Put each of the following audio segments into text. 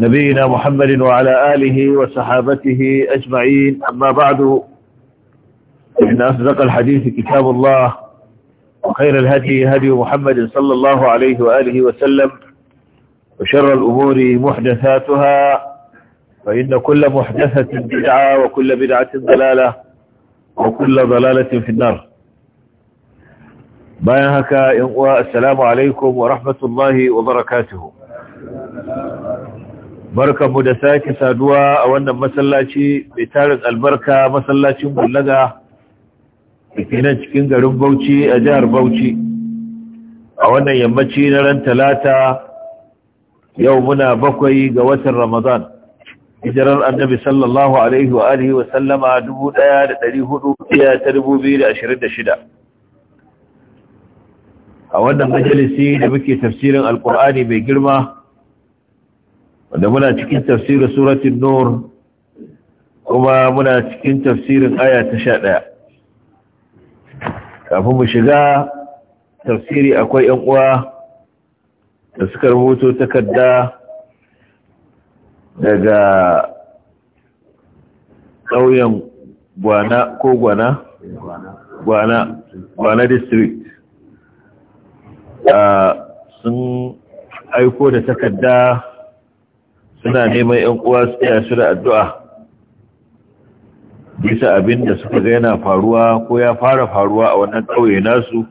نبينا محمد وعلى آله وصحابته أجمعين أما بعد إن أصدق الحديث كتاب الله وخير الهدي هدي محمد صلى الله عليه وآله وسلم وشر الأمور محدثاتها فإن كل محدثة بدعة وكل بدعة ضلالة وكل ضلالة في النار بايهك السلام عليكم ورحمة الله وبركاته barka mu da sake saduwa a wannan masallaci mai tarin albarka masallacin bullaga nan cikin garin bauchi a jihar bauchi a wannan yammaci na ran talata yau muna bakwai ga watan ramadan hijirar annabi sallallahu alaihi wa alihi wa sallama shida. a wannan majalisi da muke tafsirin alkur'ani mai girma wanda muna cikin tafsirin suratul nur kuma muna cikin tafsirin aya ta sha ɗaya kafin mu shiga tafsiri akwai ‘yan uwa da suka rubuto takarda daga ƙauyen gwana ko gwana gwana gwana district ah, sun aiko da takarda suna neman ‘yan uwa su iya su addu'a bisa abin da suka ga yana faruwa ko ya fara faruwa a wannan ƙauye nasu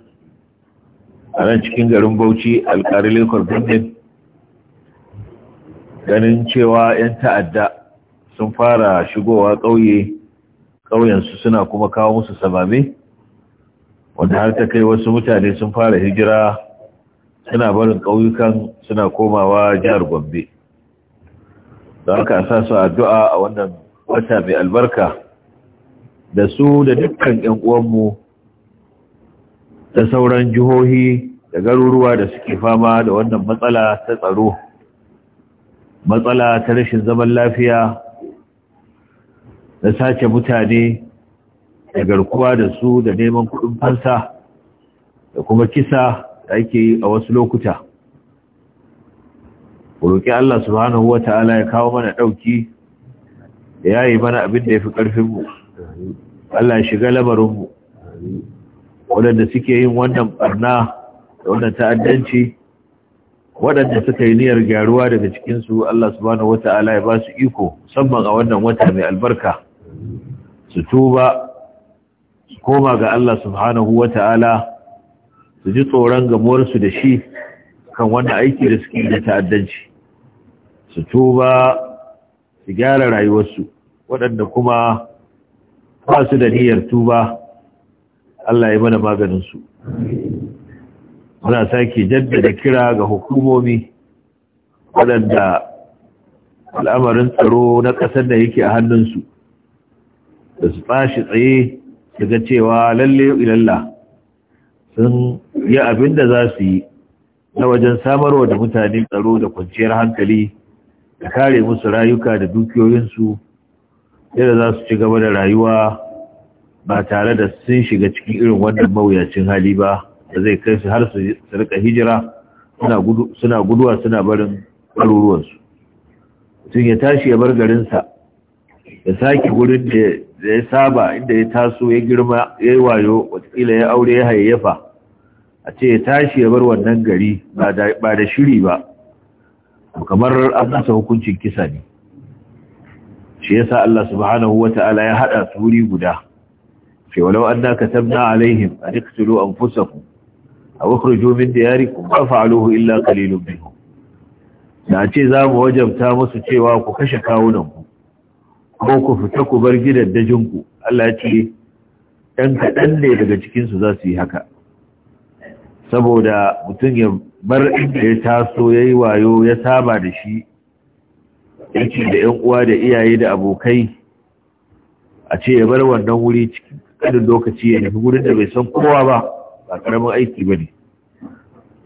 a nan cikin garin bauchi alƙarilin kwarbin ganin cewa ‘yan ta'adda sun fara shigowa ƙauye ƙauyensu suna kuma kawo musu samame wanda har ta kai wasu mutane sun fara hijira suna barin ƙauyukan suna komawa jihar gombe. don haka a sa su addu'a a wannan wata mai albarka da su da dukkan ‘yan uwanmu da sauran jihohi da garuruwa da suke fama da wannan matsala ta tsaro matsala ta rashin zaman lafiya da sace mutane da garkuwa da su da neman kuɗin fansa da kuma kisa da ake yi a wasu lokuta. roƙi Allah subhanahu wa ta'ala ya kawo mana ɗauki ya yi mana abin da ya fi ƙarfinmu Allah ya shiga labarinmu waɗanda suke yin wannan ɓarna da wannan ta'addanci waɗanda suka yi niyyar gyaruwa daga cikinsu Allah subhanahu wa ta'ala ya ba su iko musamman a wannan wata mai albarka su tuba su koma ga Allah subhanahu wa ta'ala su ji tsoron gamuwarsu da shi kan wannan aiki da suke da ta'addanci su tuba su gyara rayuwarsu waɗanda kuma ba su da niyyar tuba Allah ya mana maganinsu muna sake jaddada kira ga hukumomi waɗanda al'amarin tsaro na ƙasar da yake a hannunsu da su tashi tsaye daga cewa lalle ilalla sun yi abin da za su yi na wajen samarwa da mutane tsaro da kwanciyar hankali da kare musu rayuka da dukiyoyinsu yadda za su ci gaba da rayuwa ba tare da sun shiga cikin irin wannan mawuyacin hali ba da zai kai su har su rika hijira suna guduwa suna barin ɗaruruwansu sun ya tashi ya bar garinsa ya sake wurin da ya saba inda ya taso ya girma ya yi wayo watakila ya aure ya hayayyafa a ce ya tashi ya bar wannan gari ba da shiri ba kamar an nasa hukuncin kisa ne shi yasa Allah subhanahu wata'ala ya hada su wuri guda ce walau anna katabna alaihim an iqtulu anfusakum aw ukhrijoo min diyarikum ma fa'aluhu illa qalilun minhum da ce za mu wajabta musu cewa ku kashe kawunanku ko ku fita ku bar ku, Allah ya ce ɗan kaɗan ne daga cikinsu za su yi haka saboda mutum ya bar inda ya taso ya yi wayo ya saba da shi yake da ‘yan uwa da iyaye da abokai a ce ya bar wannan wuri cikin kanin lokaci ya nufi wurin da bai san kowa ba ba ƙaramin aiki ba ne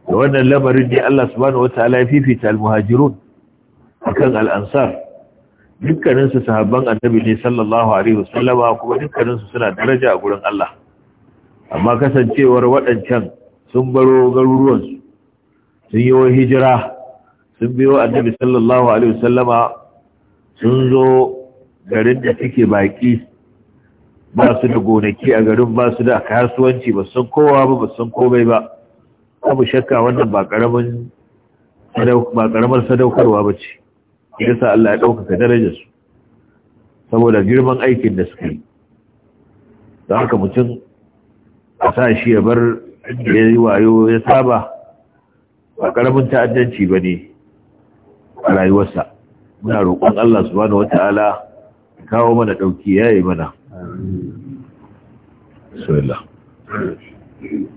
da wannan lamarin ne Allah subhanahu wa ta'ala ya fifita almuhajirun akan al'ansar dukkaninsu sahabban annabi ne sallallahu alaihi wasallama kuma dukkaninsu suna daraja a gurin Allah amma kasancewar waɗancan sun baro garuruwansu sun yi wa hijira sun biyo annabi sallallahu alaihi wasallama sun zo garin da suke baki ba su da gonaki a garin ba su da kasuwanci ba san kowa ba ba san komai ba abu shakka wannan ba karamin ba karamar sadaukarwa ba ce yasa Allah ya ɗaukaka darajarsu saboda girman aikin da suka yi don haka mutum a sa shi ya bar ya yi wayo ya saba ba ƙaramin ta'addanci ba ne a rayuwarsa muna roƙon Allah subhanahu wata'ala kawo mana ɗauki ya yi mana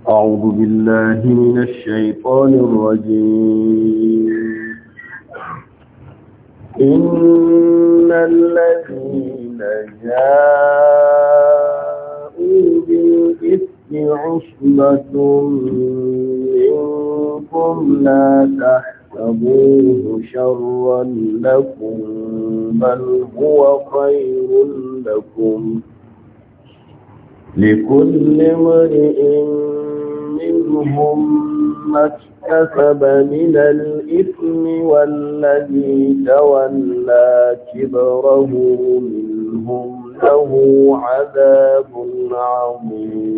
أعوذ بالله من الشيطان الرجيم إن الذين جاءوا عصبة منكم لا تحسبوه شرا لكم بل هو خير لكم لكل امرئ منهم ما اكتسب من الإثم والذي تولى كبره منهم له عذاب عظيم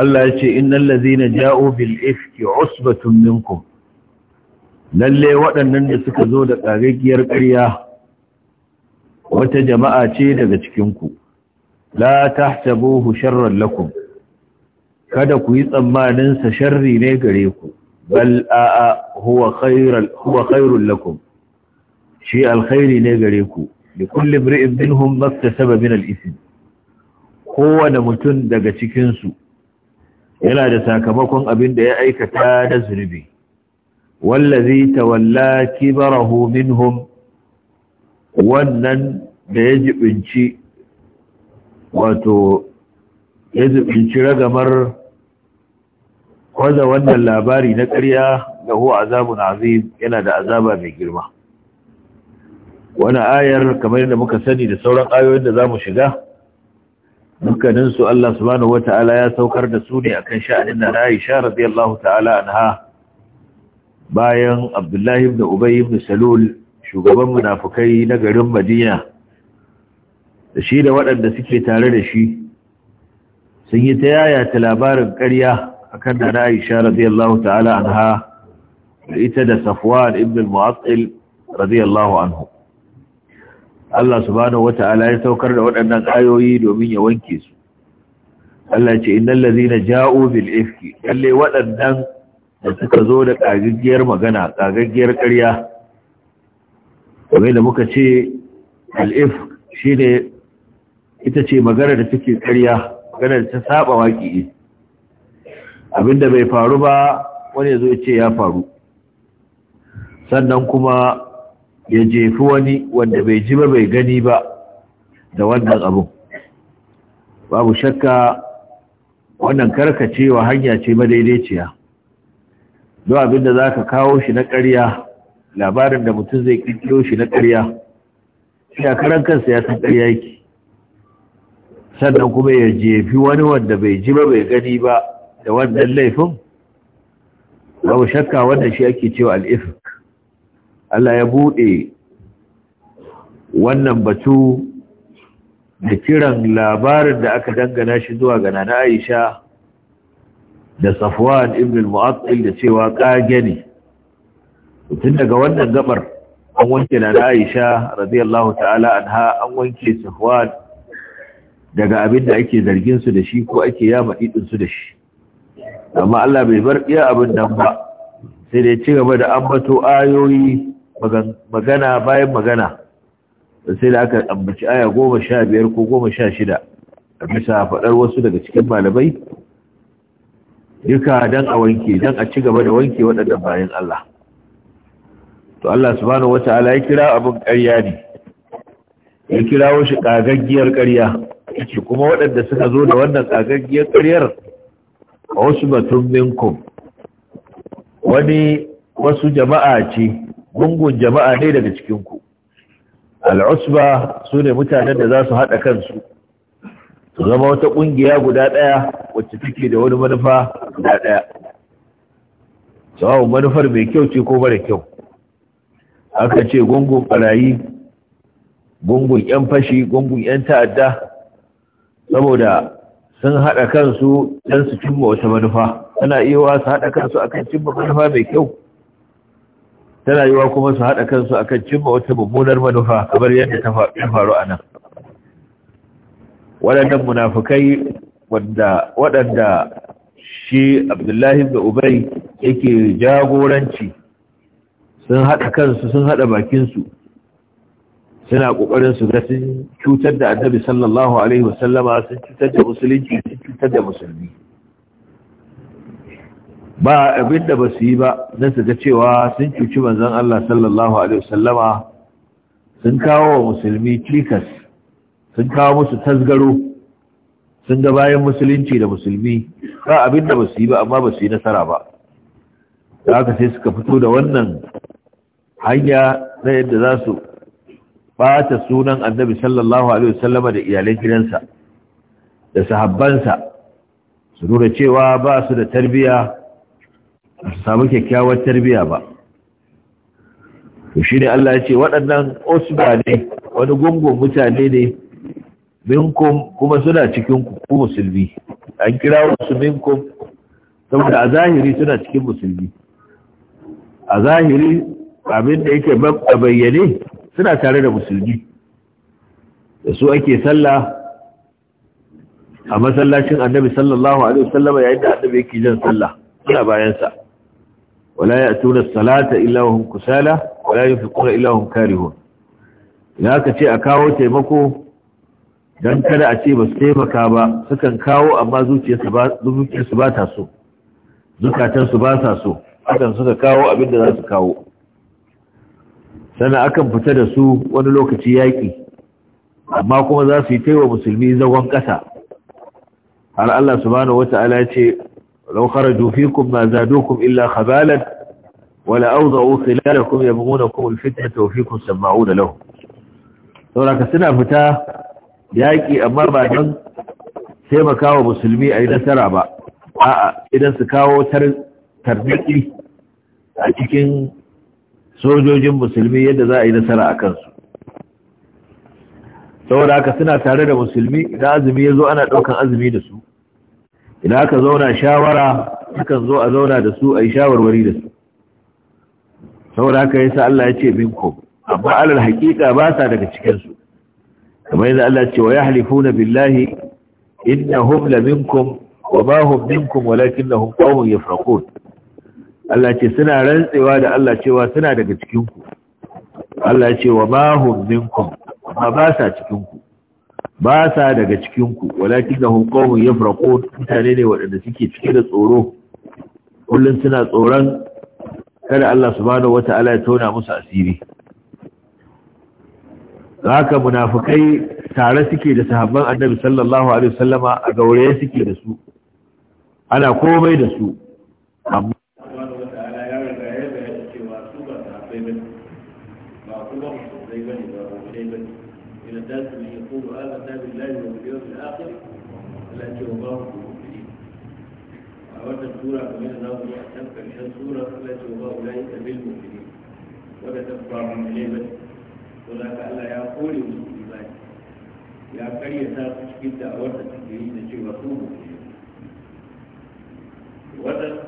Allah ya ce innal ladzina ja'u bil ifki usbatun minkum lalle waɗannan da suka zo da ƙaragiyar ƙarya wata jama'a ce daga cikinku la tahsabuhu sharran lakum kada ku yi tsammanin sa sharri ne gare ku bal a'a huwa khairul lakum shi alkhairi ne gare ku li kulli imri'in minhum maktasaba min al kowane mutum daga cikin su yana da sakamakon abin da ya aikata da zunubi wallazi tawalla kibarahu minhum wannan da ya jibinci wato ya jibinci ragamar kwaza wannan labari na ƙarya da huwa azabun azim yana da azaba mai girma wani ayar kamar yadda muka sani da sauran ayoyin da za mu shiga dukkanin su Allah subhanahu ya saukar da su ne akan sha'anin da Aisha radiyallahu ta'ala anha bayan Abdullahi da Ubay ibn shugaban munafukai na garin Madina da shi da waɗanda suke tare da shi sun yi ta ta labarin ƙarya akan da Aisha radiyallahu ta'ala anha ita da Safwan ibn al-Mu'attil anhu Allah subhanahu wata'ala ya saukar da waɗannan ayoyi domin ya wanke su Allah ce innal Ladina ja'u bil ifki lalle waɗannan da suka zo da kagaggiyar magana kagaggiyar ƙarya kamar da muka ce al shi shine ita ce magana da take ƙarya magana da ta saba Abin da bai faru ba wani ya zo ya ce ya faru sannan kuma ya jefi wani wanda bai ji ba bai gani ba da wannan abu babu shakka wannan karkacewa hanya ce madaidaiciya don abinda za ka kawo shi na ƙarya labarin da mutum zai ƙirƙiro shi na ƙarya karan kansa ya san ƙarya yake sannan kuma ya jefi wani wanda bai ji ba bai gani ba da wannan laifin babu shakka wanda shi ake cewa al'ifin Allah ya buɗe wannan batu da kiran labarin da aka dangana shi zuwa ga nana Aisha da Safwan ibn al-Mu'attil da cewa kage ne tun daga wannan gabar an wanke nana Aisha radiyallahu ta'ala anha an wanke Safwan daga abin da ake zargin su da shi ko ake yama idin su da shi amma Allah bai bar iya abin nan ba sai da ya ci gaba da ambato ayoyi magana bayan magana sai da aka ambaci aya goma sha biyar ko goma sha shida a bisa faɗar wasu daga cikin malamai duka don a wanke don a ci gaba da wanke waɗanda bayan Allah to Allah subhanahu ta'ala ya kira abin ƙarya ne ya kira wasu ƙagaggiyar ƙarya ce kuma waɗanda suka zo da wannan ƙagaggiyar ƙaryar a wasu batun minkum wani wasu jama'a ce gungun jama'a ne daga cikinku al'usba su ne mutanen da za su haɗa kansu su zama wata ƙungiya guda ɗaya wacce take da wani manufa guda ɗaya sawawun manufar mai kyau ce ko mara kyau aka ce gungun ɓarayi gungun 'yan fashi gungun 'yan ta'adda saboda sun haɗa kansu don su cimma wata manufa ana iya wasu haɗa kansu akan cimma manufa mai kyau ta rayuwa kuma su haɗa kansu akan cimma wata mummunar manufa kamar yadda ta faru a nan waɗannan munafukai waɗanda shi abdullahi da ubai yake jagoranci sun haɗa kansu sun haɗa bakinsu suna ƙoƙarin su ga sun cutar da annabi sallallahu alaihi wasallama sun cutar da musulunci sun cutar da musulmi ba abin da ba su yi ba don su ga cewa sun cuci manzan Allah sallallahu Alaihi wasallama sun kawo wa musulmi cikas sun kawo musu tasgaro sun ga bayan musulunci da musulmi ba abin da ba su yi ba amma ba su yi nasara ba da aka sai suka fito da wannan hanya na yadda za su ɓata sunan annabi sallallahu Alaihi wasallama da iyalan gidansa da sahabbansa su nuna cewa ba su da tarbiyya samu kyakkyawar tarbiya ba to shi ne Allah ya ce waɗannan osuba ne wani gungun mutane ne minkum kuma suna cikin ku musulmi an kira wasu minkum saboda a zahiri suna cikin musulmi a zahiri abin da yake a bayyane suna tare da musulmi da su ake sallah a masallacin annabi sallallahu alaihi wasallama yayin da annabi yake jan sallah suna bayansa wala ya'tuna as-salata illa hum kusala wala yunfiquna illa hum karihun idan ka ce a kawo taimako dan kada a ce ba su taimaka ba sukan kawo amma zuciyarsu ba ba ta so zukatansu ba sa so akan suka kawo abin da za su kawo sannan akan fita da su wani lokaci yaƙi amma kuma za su yi taiwa musulmi zagon ƙasa har Allah subhanahu wata'ala ya ce ولو خرجوا فيكم ما زادوكم إلا خبالا ولا أوضعوا خلالكم يبغونكم الفتنة وفيكم سمعون لهم sauraka suna fita yaƙi amma ba don taimaka musulmi a yi nasara ba a'a idan su kawo tarniki a cikin sojojin musulmi yadda za a yi nasara a kansu saboda suna tare da musulmi idan azumi ya zo ana ɗaukar azumi da su idan aka zauna shawara akan zo a zauna da su a yi shawarwari da su saboda haka yasa Allah ya ce minkum amma alal haqiqa ba sa daga cikin su kamar yadda Allah ya ce wa yahlifuna billahi innahum la minkum wa ma hum minkum walakinnahum qawmun yafraqun Allah ce suna rantsewa da Allah cewa suna daga cikin ku Allah ya ce wa ma hum minkum amma ba sa cikin ku ba sa daga cikinku walakin da hukumun ya farko mutane ne waɗanda suke cike da tsoro kullum suna tsoron kada Allah subhanahu wata'ala ya tauna musu asiri haka munafukai tare suke da sahabban annabi sallallahu alaihi wasallama a gaure suke da su ana komai da su amma إلى الناس من يقول آمنا بالله وباليوم الآخر التي الله المؤمنين وأولا سورة من الله من كمشان سورة التي الله أولئك بالمؤمنين ولا تبقى من ليبة ولا كألا يقول المسلمين يا كي يساق تشكيل دعوات التكبيرين شيء وصوم وأنا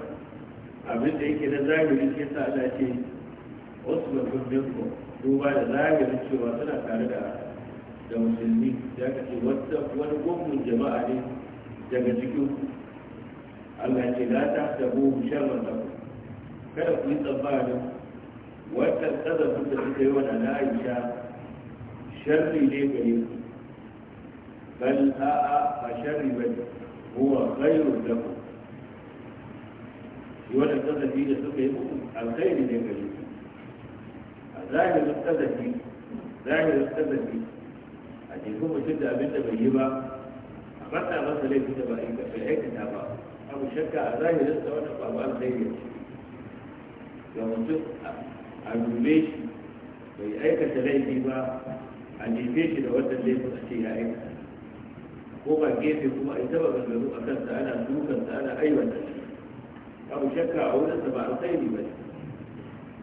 abin da yake na zagiri ke sa Allah ce wasu mutum ne ko duba da zagirin cewa suna da musulmi ya kace wani gwamnan jama'a ne daga cikin Allah ce za ta da bu sharman da kada ku yi tsammanin wata tsazafin da suka yi wa na Aisha sharri ne gare ku bal a'a ba sharri bane huwa khairu lakum shi wannan tsazafi da suka yi muku alkhairi ne gare ku a zahirin tsazafi zahirin tsazafi a cikin mutum da abin da bai yi ba a fata masa laifi da ba a aikata ba abu shakka a zahirin sa wannan babu alkhairi ga mutum a dube shi bai aikata laifi ba a jefe shi da wannan laifin a ce ya aikata ko ba gefe kuma a yi taba gangaru a kansa ana dukansa ana aiwata shi abu shakka a sa ba alkhairi ba ne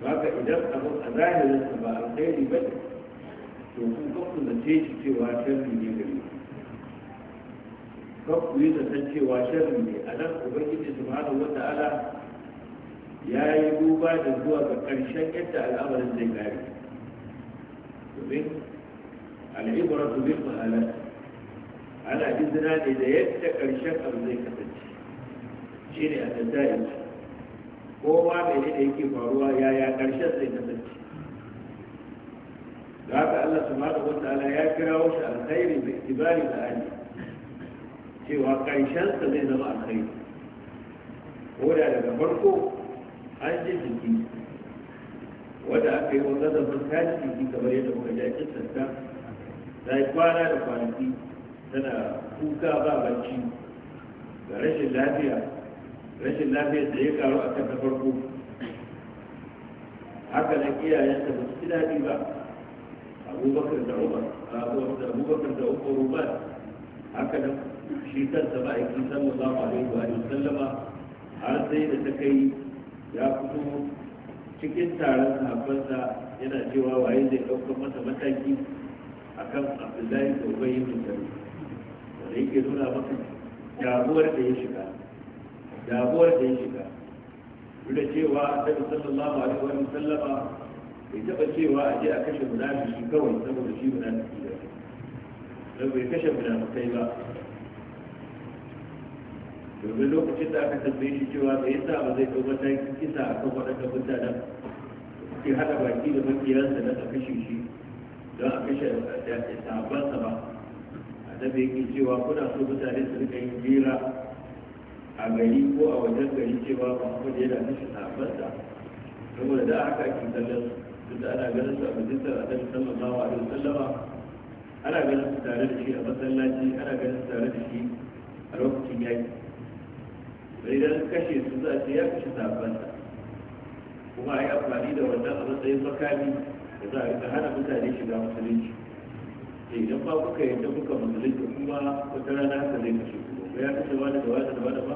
ba ka idan abin a zahirinsa ba alkhairi ba ne to kun kafu da ce shi cewa sharri ne gare ku kafu yi da san cewa sharri ne a nan ubangiji subhanahu wata'ala ya yi duba da zuwa ga ƙarshen yadda al'amarin zai gari domin al'ibaratu bil mahalat ana izina ne da yadda ƙarshen abu zai kasance shi ne a tattari kowa mai ne da yake faruwa yaya ƙarshen zai kasance da Allah subhanahu wa ta'ala ya kira wasu alkhairi bi itibari da ali cewa karshen sa zai zama alkhairi ko da daga farko an ji jiki wanda aka yi wanda da ta ji jiki kamar yadda muka ji a kisan ta yi kwana da kwanaki tana kuka ba bacci ga rashin lafiya rashin lafiyar da ya karu a kan ta farko haka nan iyayenta ba su ci daɗi ba abubakar da umar abubakar da umar rubar haka nan shi kansa ma'aiki sallallahu alaihi wa sallama har sai da ta kai ya fito cikin taron sahabbansa yana cewa waye zai ɗaukar masa mataki akan abdullahi da ubai yin sarki wanda yake nuna maka damuwar da ya shiga damuwar da ya shiga duk da cewa annabi sallallahu alaihi wa sallama bai taɓa cewa a je a kashe munafiki kawai saboda shi munafiki da don bai kashe munafikai ba domin lokacin da aka tambaye shi cewa bai yasa ba zai kai matakin kisa a kan waɗanda mutanen da suke haɗa baki da makiyansa na a kashe shi don a kashe sabansa ba a annabi yake cewa kuna so mutane su rika yin jira a gari ko a wajen gari cewa ba kuma da yana kashe sabansa saboda da aka ake kallon su duk ana ganin su a majalisar annabi sallallahu alaihi wasallama ana ganin su tare da shi a masallaci ana ganin su tare da shi a lokacin yaki sai dan kashe su za su ya kashe sabansa kuma a yi amfani da wannan a matsayin makami da za a hana mutane shiga musulunci eh, idan ba kuka yadda kuka musulunci kuma wata rana haka zai kashe ku ba ya kashe wani da wani da wani ba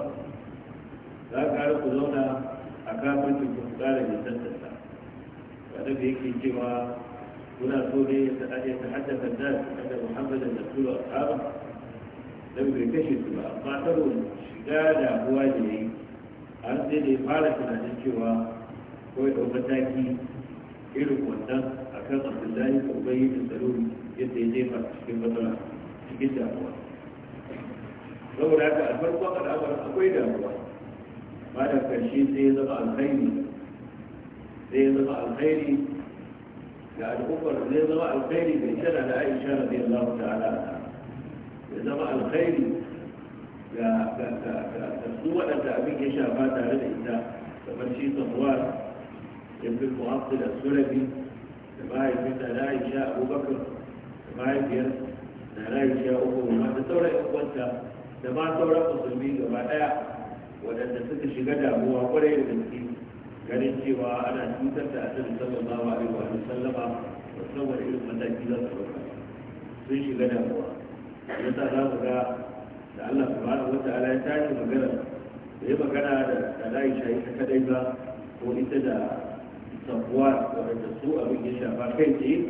za ka ku zauna a kafin ku kara nisan annabi yake cewa muna so ne ya tahaddasa da annabi Muhammadan da su ashabu dan bai kashe su ba amma saboda shiga damuwa da yayi har sai da ya fara tunanin cewa ko ya ɗau mataki irin wannan akan Abdullahi ko bai da tsaro yadda ya jefa cikin matsala cikin damuwa saboda haka a farkon al'amarin akwai damuwa ba da karshe sai ya zama alkhairi zai zama alkhairi ga al'ummar zai zama alkhairi mai tana da aisha radiyallahu ta'ala ya zama alkhairi ga su waɗanda abin ya shafa tare da ita kamar shi samuwar ibn mu'abdul as-sulabi da mahaifinta da aisha abubakar da mahaifiyar da aisha uku da sauran yan kwanta da ma sauran musulmi gaba ɗaya waɗanda suka shiga damuwa kwarai da gaske ganin cewa ana cutar da annabi sallallahu alaihi wa sallama musamman irin mataki za su ɗauka sun shiga damuwa sa za mu ga da Allah subhanahu wata ala ya tashi magana da ya magana da da shayi ita kadai ba ko ita da sabuwa wadda su abin ya shafa kai ce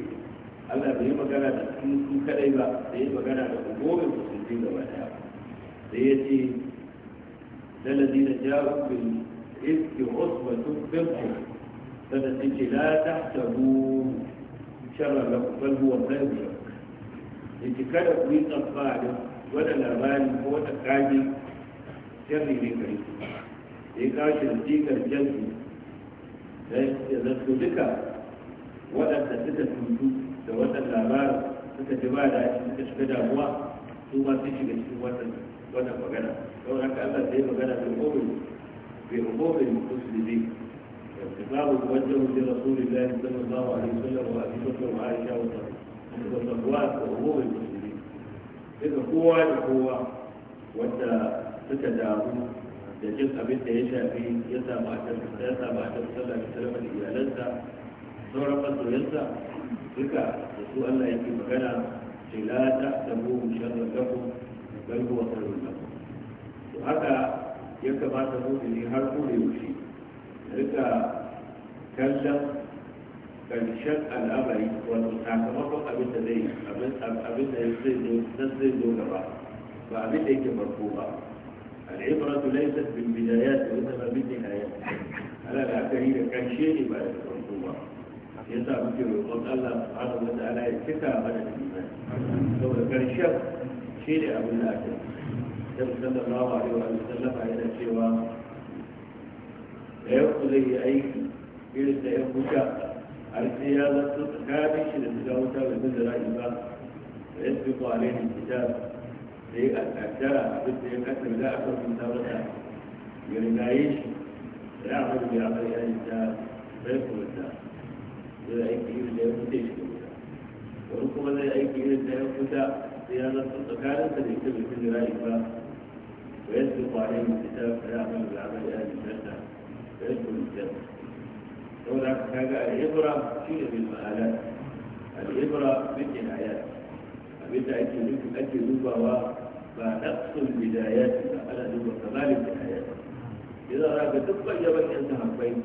Allah bai magana da su su kadai ba da ya magana da hukumin musulmi gaba daya da ya ce lalazina ja'u bil iski usbatun birkum kada ku yi tsammanin wani labari ko wata kaji sharri ne gare ku ya kawo shi da jikar jansu da ya zato duka waɗanda suka tuntu da wannan labarin suka ji ba da ake suka shiga damuwa su shiga cikin wannan magana don haka Allah sai magana da komai في أمور المتسلمين الكتاب يوجه لرسول الله صلى الله عليه وسلم وأبي بكر وعائشة وغيرهم وصفوات وأمور المسلمين إذا هو هو وأنت تتداول تجد أبنت يشاء في يسا بعد يسا بعد صلى الله عليه وسلم إذا صورة قد يسا بك يسوء الله يكي مكانا لا تحسبوه شر لكم بل هو خير لكم وهكذا ya kamata ne har ko da yaushe rika kallon karshen al'amari wato sakamakon abin da zai abin da zai zo nan zai zo gaba ba abin da yake farko ba al'ibratu laysat bil bidayat wa inma bil nihayat ala la'akari da karshe ne ba da farko ba yasa muke roƙon Allah subhanahu wa ta'ala ya cika mana da imani saboda karshen shi ne abin da ake da sallallahu alaihi wa sallama yana cewa da ku zai yi aiki irin da ya huta har sai ya zanto tsakanin shi da shiga wuta bai da zara'i ba da ya fi ko alaihi kitab da ya kaddara abin da ya kasa da kan rubuta masa ya rigaye shi da ya amuru ya amuru ya yi ta bai kuma zai aiki irin da ya huta shi wani kuma zai aiki irin da ya huta sai ya zanto tsakanin sa da ya fi zara'i ba ويسبق عليهم الكتاب فيعمل بالعمل أهل الجنة فيدخل الجنة يقول لك حاجة الإبرة شيء العبرة الإبرة بالجنايات فبدأ أنت أن أنت ذوبها ونقص البدايات على ذوب كمال النهايات إذا رأى تبقى يبقى أنت هبين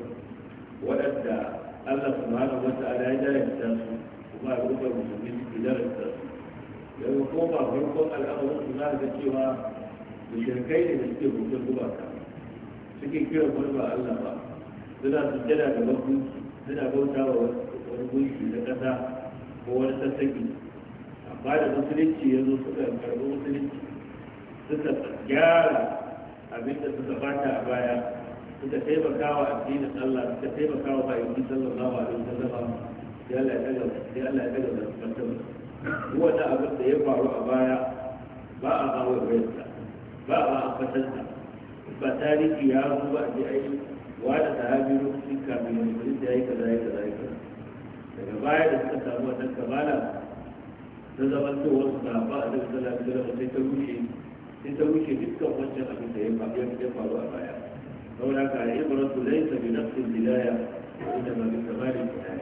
وأنت الله سبحانه وتعالى إذا يمتازه وما يقول المسلمين إذا يمتازه لأنه قوم الأمر سبحانه وتعالى mushrikai ne da suke bautar gumaka suke kira wani ba Allah ba suna sujjada ga babban suna bauta wa wani gunki na ƙasa ko wani sassaki amma da musulunci ya zo suka karɓi musulunci suka gyara abinda suka bata a baya suka taimaka wa addinin Allah suka taimaka wa bayyuki sallallahu alaihi wasallam ya Allah ya daga ya Allah ya daga da mutum wanda abin da ya faru a baya ba a hawa bayansa ba a da ba tarihi ya zo ba a aiki wa da sahabi lokacin kamar ya mutu da yi kaza ya kaza yayi kaza daga baya da suka samu ɗan kamala ta zama to wasu ba a ɗan sana da zama sai ta rushe sai ta rushe dukkan wancan abin da ya faru a baya saboda ka ibratu laysa bi nafsil bilaya inda ma bi kamalin yi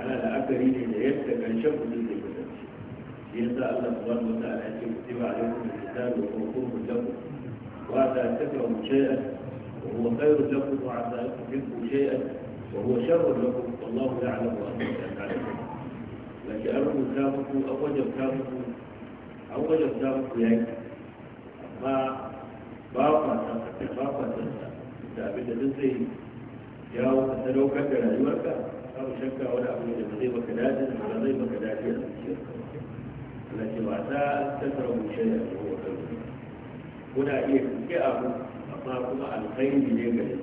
ana la'akari ne da yadda ƙarshen mutum zai يسأل الله سبحانه يكتب عليكم الكتاب ويكون لكم وعسى أن تكرهوا شيئا وهو خير لكم وعسى أن تحبوا شيئا وهو شر لكم والله يعلم وأنتم لا لكن أمر كامكم أو وجب كامكم أو وجب كامكم يعني أما باقى باقى تنسى تعبد تنسي يا وتسلوك كرهيوك أو شكا ولا أبو يجب زي وكذا ولا زي وكذا na ce ba za ta tsarau shayar da wakar kuna iya kuke abu amma kuma alkhairi ne gare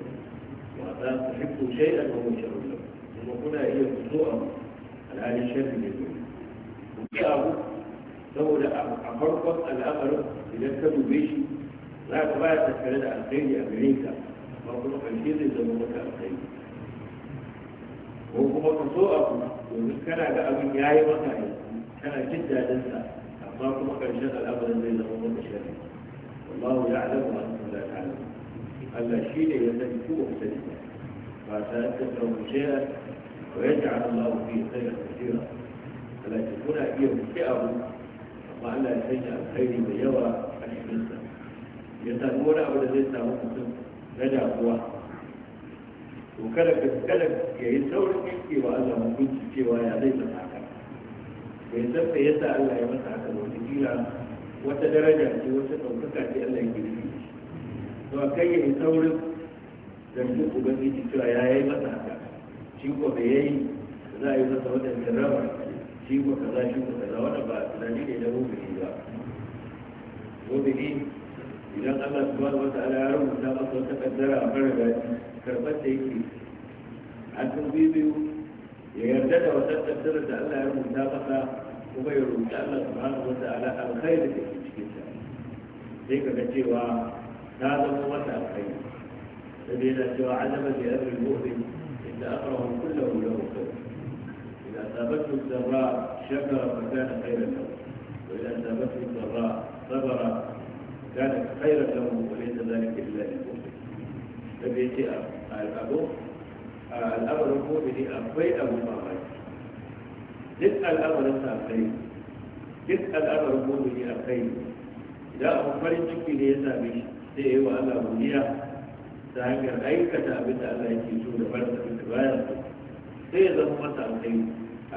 ba za ta hibbu shayar da wakar kuma kuna iya kuso abu alhalin shayar ne gare kuke abu saboda a farkon al'amarin idan ka dube shi za ka baya tattare da alkhairi a gare ka amma kuma ƙarshe zai zama maka alkhairi ko kuma ka so abu domin kana ga abin ya yi maka yanzu kana jin dadin sa amma kuma ƙarshen al'amarin zai zama maka sharri wallahu ya'lamu wa antum la ta'lamun Allah shi ne ya sani ku ba sani ba ta tattauna shayar wa yaj'al Allah fi khairin kathira Allah ki kuna iya muke abu amma Allah ya sanya alkhairi mai yawa a cikin sa ya samu wani abu da zai samu mutum na damuwa to kada ka kada ya yi saurin yankewa Allah hukunci cewa ya zai tsaka bai san me yasa Allah ya masa haka ba wani kila wata daraja ce wata ɗaukaka ce Allah ya girbi to a kai ya yi saurin zargin ubangiji cewa ya yi masa haka shi ko bai yayi za a yi masa wata jarraba shi ko kaza shi ko kaza wanda ba tunani ne na mumini ba mumini idan Allah subhanahu wata'ala ya rubuta masa wata kaddara fara daɗi karɓar da yake a tun biyu يردد وسد سر تعالى يوم النافقة وغير تعالى سبحانه وتعالى الخير في الشكل ذيك بجيوا هذا هو الخير الذي لا سوى عدم في أمر المؤمن إلا أقرهم كله له خير إذا أصابته الزراء شكر فكان خيرا له وإذا أصابته الزراء صبر كانت خيرا له وليس ذلك إلا للمؤمن فبيتي طيب أبو a al'amarin mu'mini akwai abin mamaki duk al'amarin sa kai duk al'amarin mu'mini a kai idan abin farin ciki ne ya sami sai ya yi wa Allah godiya ta hanyar aikata abin da Allah yake so da farin abin da baya so sai ya zama masa akai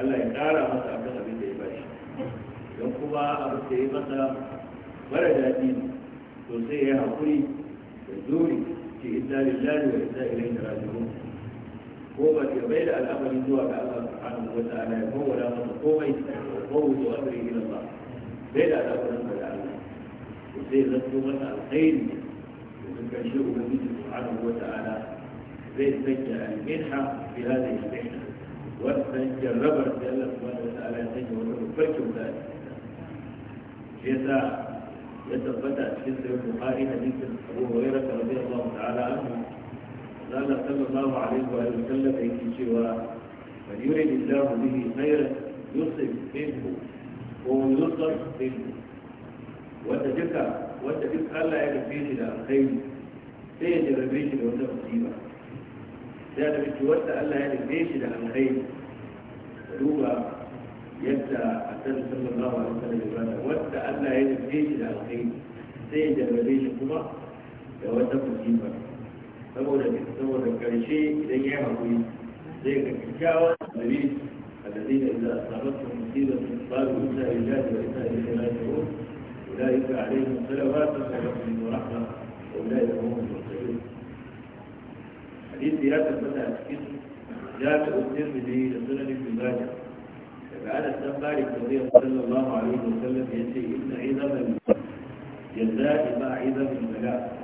Allah ya kara masa akan abin da ya bashi don kuma abin da ya masa mara daɗi to sai ya haƙuri da zuri ke inna lillahi wa inna ilaihi raji'un ko ba ta bai da al'amari zuwa ga Allah subhanahu wa ta'ala ya kowa da masa komai ko wuce amri ila Allah bai da al'amarin da Allah to sai zanto masa alkhairi da karshe ubangiji subhanahu wa ta'ala zai sanya al-minha fi hadhihi al-minha wannan jarrabar da Allah subhanahu wa ta'ala ya sanya wata babbar kyauta shi yasa ya tabbata cikin sahih bukhari hadisin Abu Hurairah radiyallahu ta'ala anhu قال صلى الله عليه وآله وسلم إن سوى من يريد الله به خيرا يصب منه ويصب منه وتجك وتجك ألا يكفيه إلى الخير سيجر بيش لو تقصيبا سيجر بيش وتا ألا يكفيه إلى الخير فلوبا يبدأ النبي صلى الله عليه وسلم وتا ألا يكفيه إلى الخير سيجر بيش كما لو تقصيبا saboda saboda karshe idan ya haƙuri zai ga kyakkyawar nabi الذين إذا أصابتهم مصيبة قالوا إنا لله وإنا إليه راجعون أولئك عليهم صلوات من ورحمة وأولئك هم المرسلون حديث يا تبنى أسكت جاء الترمذي لسنن ابن ماجه فقال السلام مالك رضي الله عليه وسلم يأتي إن عظم الجزاء مع عظم البلاء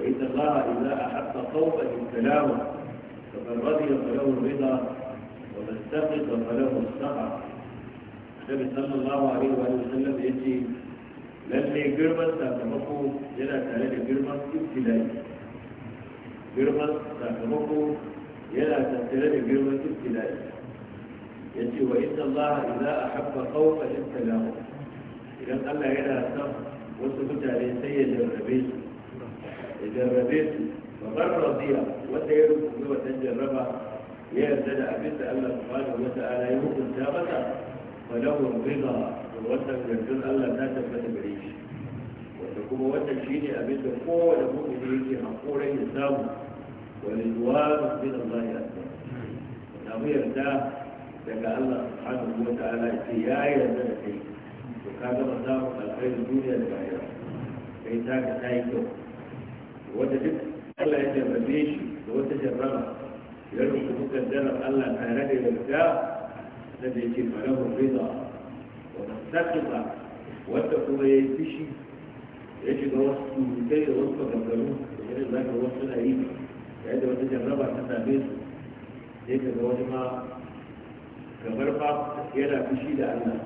وإن الله إذا أحب قوما بالكلام فمن رضي فله الرضا ومن سقط فله السقط النبي صلى الله عليه وآله وسلم يجي للي جرمت ساكمكو جنا تلالي جرمت ابتلاي جرمت ساكمكو يلا تلالي جرمت ابتلاي يجي وإن الله إذا أحب قوما بالكلام إذا قال لها هنا سقط وسكت عليه سيد الربيس تجربت فقرر وانت وسيرد كلها تجربها يا ابتدا ان الله سبحانه وتعالى يمكن تابتا فله الرضا ووسل ان الله ذات فتبريش وتكون وسل شيني ابد قوه ولكم اليك حقوق الانسان والانوار من الله عز وجل تغير ذا لك الله سبحانه وتعالى في اي ذات وكان مصدر الخير الدنيا والاخره فانتاج تايكو Wata duk Allah ya jarrabe shi da wata jarraba ya rubuta kaddarar Allah tare da yarda da da yake falahu rida wa mustaqita wanda kuma ya fishi ya shiga wasu surutai da wasu maganganu da za ka wasu suna yi yayin da wata jarraba ta same su sai ka ga wani ma kamar ba yana fushi da Allah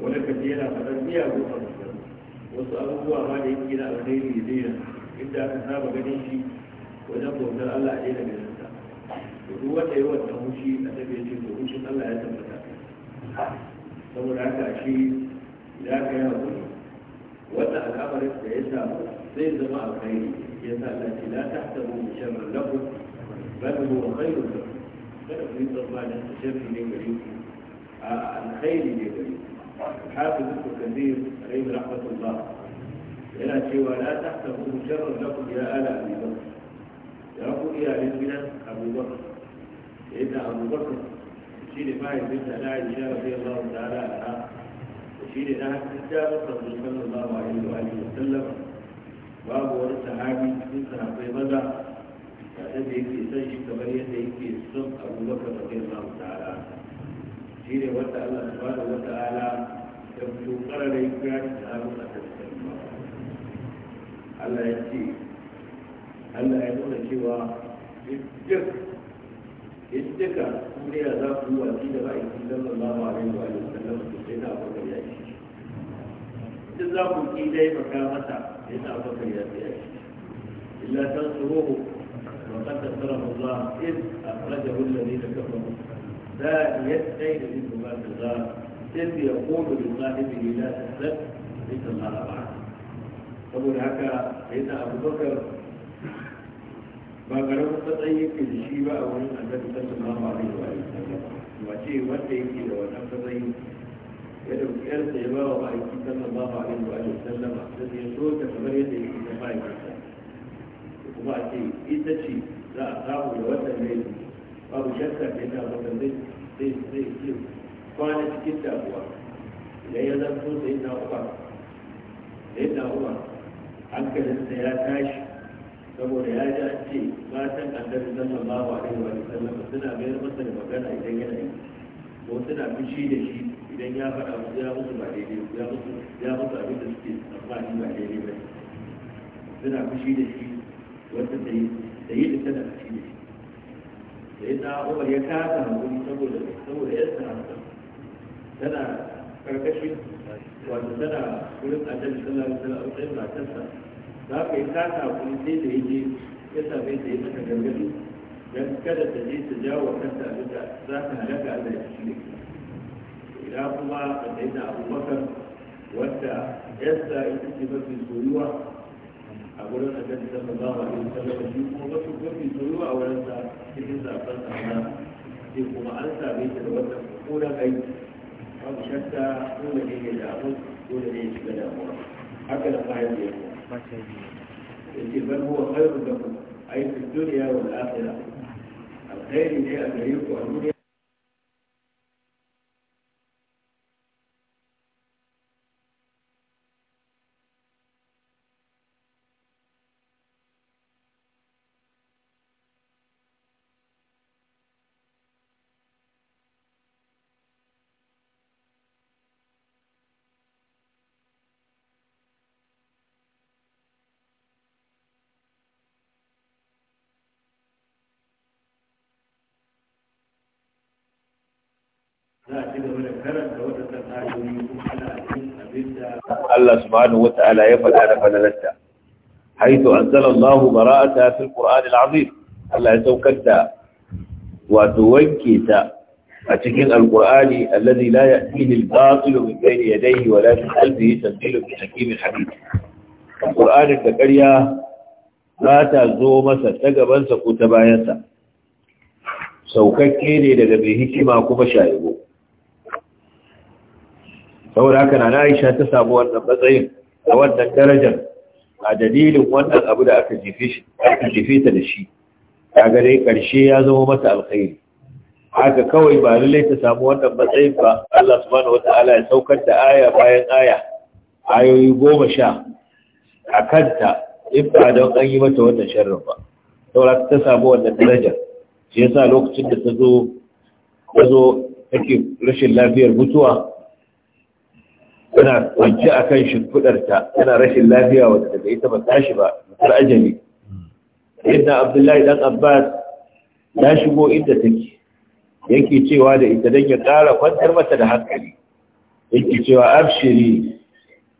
wani kaji yana faɗar miyagun abu wasu abubuwa ma da yake na abu ne mai zai inda aka saba ganin shi wajen bautar Allah a daina ganin sa duk wata yawan wannan hushi a tafiya ce to hushin Allah ya tabbata saboda haka shi ya ka yi hakuri wannan al'amarin da ya samu zai zama alkhairi ya sa Allah ce la tahtabu sharran lakum mu huwa khairun lakum kada ku yi tsammanin sharri ne gari ku a alkhairi ne gari. ku حافظ الكبير عليه رحمة الله yana cewa la ta tabu sharrun lakum ya ala ya ku iyayen gidan abu da yadda abu shi ne mahaifin da na aisha radiyallahu ta'ala anha da shi ne na hadda rasul sallallahu alaihi wa alihi wa sallam babu wani sahabi cikin sahabbai maza da yake son shi kamar yadda yake son abubakar bakr radiyallahu shi ne wanda Allah subhanahu wata ala da fito kararai ya shi ta hannu a Allah ya ce Allah ya nuna cewa duk duka duniya za ku yi watsi da ma'aikin sallallahu alaihi wa sallam to sai na abu ya shi duk za ku ki dai maka mata sai na abu ya shi illa tansuruhu وقد نصره الله داعية كيد من ذات الغار إذ يقول لصاحبه لا تحزن إن الله معك saboda haka sai ta abu bakar ba karamin matsayi yake da shi ba a wurin annabi sallallahu alaihi da wani. ba ce wanda yake da wannan matsayi ya dauki yarsa ya ba wa ma'aiki sallallahu alaihi wa sallam sai ya so ta kamar yadda yake ta ma'aikinsa kuma a ce ita ce za a samu da wannan laifi babu shakka da yana mutum zai zai zai kwana cikin damuwa idan ya zanto da yana uba da yana hankalin sa ya tashi saboda ya ji an ce san annabi sallallahu alaihi wa sallam suna mayar masa da magana idan yana yi ko suna fushi da shi idan ya faɗa musu ya musu ba daidai ya musu ya musu abin da suke tsammani ba daidai ba suna fushi da shi wanda da yi da tana fushi da shi da yadda umar ya kasa hankali saboda saboda yadda hankali tana karkashin wato tana wurin annabi sallallahu alaihi wasallam sai matarsa za ka yi kasa hankali sai da yake ya same ta yi mata gargadi don kada ta je ta jawo kanta abin da za ta halaka Allah ya shi idan kuma da yadda abubakar wadda yadda ita ce mafi soyuwa a gurin annabi sallallahu alaihi wasallam shi kuma wasu mafi soyuwa a wurin sa cikin zafin sa na kuma an same shi da wannan kodan aiki babu shakka dole ne ya damu dole ne ya shiga damuwa haka da ya mahaifiyar yake bal huwa khairu lakum ay fi dunya wa lafiya alkhairi ne a gare ku a duniya Allah subhanahu wa ta'ala ya faɗa da fadalarta. Haitu an zala Allah bara'ata fi Al-Qur'anil Allah ya saukar wato wanke ta a cikin Al-Qur'ani alladhi la ya'tihi al-batilu min bayni yadayhi wa la min qalbihi tanzilu bi hakimin hadid. Al-Qur'ani da ƙarya ba ta zo masa ta gabansa ko ta bayansa. Saukakke ne daga mai hikima kuma shaibu. saboda haka na Aisha ta samu wannan matsayin a wannan darajar a dalilin wannan abu da aka jefe ta da shi ta dai karshe ya zama mata alkhairi haka kawai ba lallai ta samu wannan matsayin ba Allah subhanahu ta'ala ya saukar da aya bayan aya ayoyi goma sha a kanta in ba don an yi mata wannan sharrin ba saboda ta samu wannan darajar shi yasa lokacin da ta zo ta zo take rashin lafiyar mutuwa tana kwanci a kan shimfiɗarta tana rashin lafiya wadda daga ita ba tashi ba mutar ajali yadda abdullahi ɗan abbas ya shigo inda take yake cewa da ita don ya ƙara kwantar mata da hankali yake cewa abshiri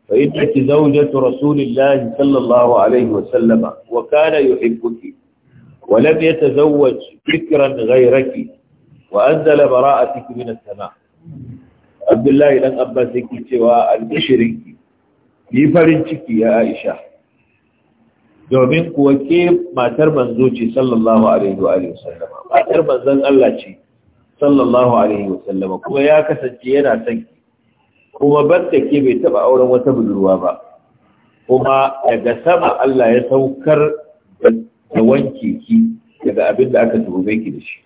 fa inna ki zawjatu Rasulillah, sallallahu alaihi wa sallama wa kana yuhibbuki wa lam yatazawwaj fikran ghayraki wa anzala bara'atiki min as-sama' abdullahi dan abbas yake cewa albishirinki yi farin ciki ya aisha domin kuwa ke matar manzo ce sallallahu alaihi wa alihi wasallama matar manzon Allah ce sallallahu alaihi wa sallama kuma ya kasance yana son kuma barka ke bai taba auren wata budurwa ba kuma daga sama Allah ya saukar da wanke ki daga abin da aka tuhume ki da shi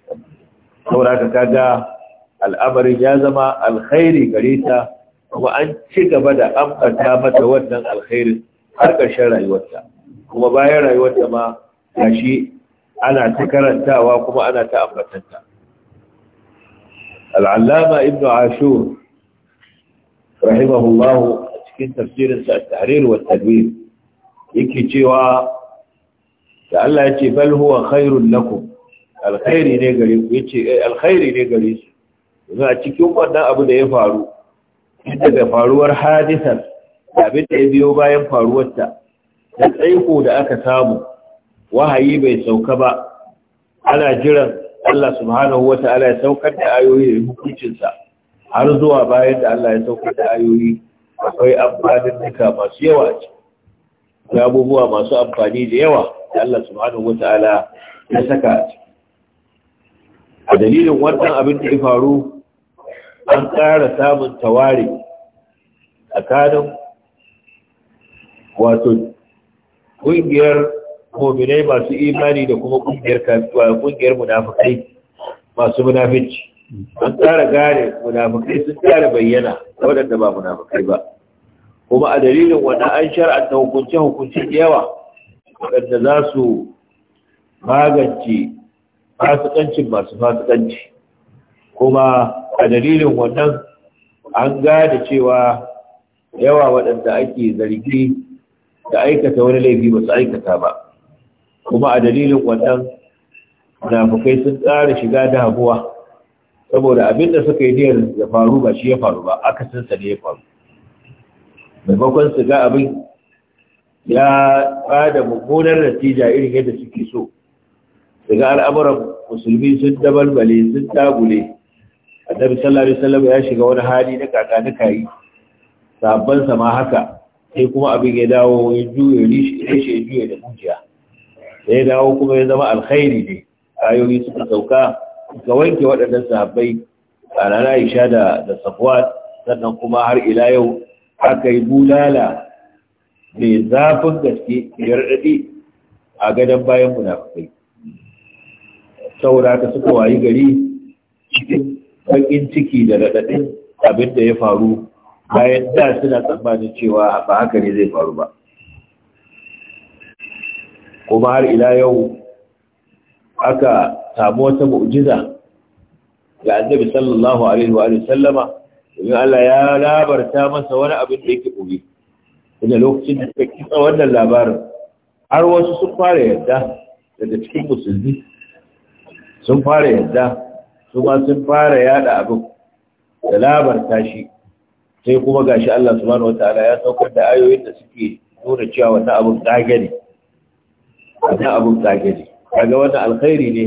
saboda ka ga. al'amarin ya zama alkhairi gare ta kuma an ci gaba da amfata mata wannan alkhairin har ƙarshen rayuwarta kuma bayan rayuwarta ma shi ana ta karantawa kuma ana ta ambatanta al'allama ibnu ashur rahimahullahu a cikin tafsirinsa a tahrir wa tadwir yake cewa da Allah ya ce bal huwa khairul lakum alkhairi ne gare ku eh, alkhairi ne gare su yanzu a cikin wannan abu da ya faru daga faruwar da abin da ya biyo bayan faruwarta da tsaiko da aka samu wahayi bai sauka ba ana jiran Allah subhanahu wa ta'ala ya saukar da ayoyi da hukuncinsa har zuwa bayan da Allah ya saukar da ayoyi akwai amfanin duka masu yawa a abubuwa masu amfani da yawa da Allah subhanahu wa ta'ala ya saka a a dalilin wannan abin da ya faru an ƙara samun tawari tsakanin wato ƙungiyar mominai masu imani da kuma ƙungiyar munafukai masu munafici an ƙara gane munafukai sun ƙara bayyana waɗanda ba munafukai ba kuma a dalilin wanda an shar'anta hukunce-hukunce yawa waɗanda za su magance fasikancin masu fasikanci kuma a dalilin wannan an gada cewa yawa waɗanda ake zargi da aikata wani laifi ba su aikata ba kuma a dalilin wannan munafukai sun tsara shiga da haguwa saboda abinda suka yi niyyar ya faru ba shi ya faru ba aka sa ne ya faru maimakon su ga abin ya ba da mummunar natija irin yadda suke so daga al'amuran musulmi sun dabalbale sun tagule annabi sallallahu alaihi wasallam ya shiga wani hali na kaka na kai sabban sa ma haka sai kuma abin ya dawo ya juye rishi ya juye da mujiya Sai ya dawo kuma ya zama alkhairi ne ayoyi suka sauka ga wanke waɗannan sahabbai a rana isha da da safwat sannan kuma har ila yau aka yi bulala mai zafin gaske daɗi, a gadon bayan munafikai saboda haka suka wayi gari bakin ciki da raɗaɗin abin da ya faru bayan da suna tsammanin cewa ba haka ne zai faru ba kuma har ila yau aka samu wata mu'jiza ga annabi sallallahu alaihi wa sallama domin Allah ya labarta masa wani abin da yake ɓoye inda lokacin da suka kisa wannan labarin har wasu sun fara yadda daga cikin musulmi sun fara yadda su ma sun fara yada abin da labar shi sai kuma gashi Allah subhanahu wataala ya saukar da ayoyin da suke nuna cewa wannan abin kage ne wannan abin kage ne kaga wannan alkhairi ne